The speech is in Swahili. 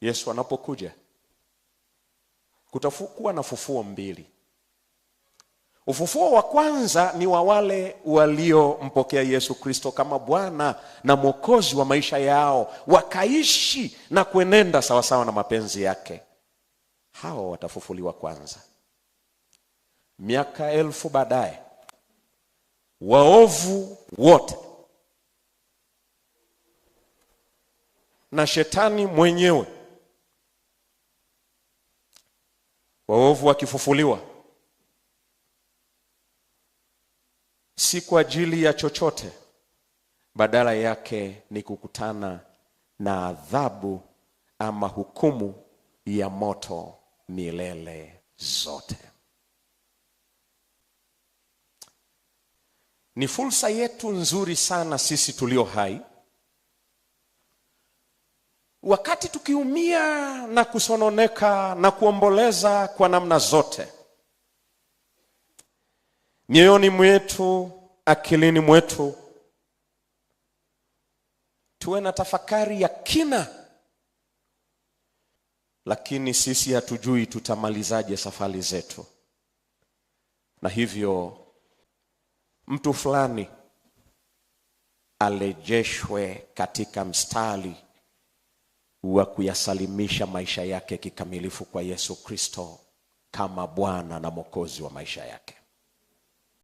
Yesu anapokuja kutakuwa na fufuo mbili. Ufufuo wa kwanza ni wa wale waliompokea Yesu Kristo kama Bwana na Mwokozi wa maisha yao, wakaishi na kuenenda sawasawa na mapenzi yake. Hao watafufuliwa kwanza. Miaka elfu baadaye, waovu wote na shetani mwenyewe waovu wakifufuliwa, si kwa ajili ya chochote, badala yake ni kukutana na adhabu ama hukumu ya moto milele zote. Ni fursa yetu nzuri sana sisi tulio hai Wakati tukiumia na kusononeka na kuomboleza kwa namna zote, mioyoni mwetu, akilini mwetu, tuwe na tafakari ya kina, lakini sisi hatujui tutamalizaje safari zetu, na hivyo mtu fulani alejeshwe katika mstari wa kuyasalimisha maisha yake kikamilifu kwa Yesu Kristo kama Bwana na Mwokozi wa maisha yake.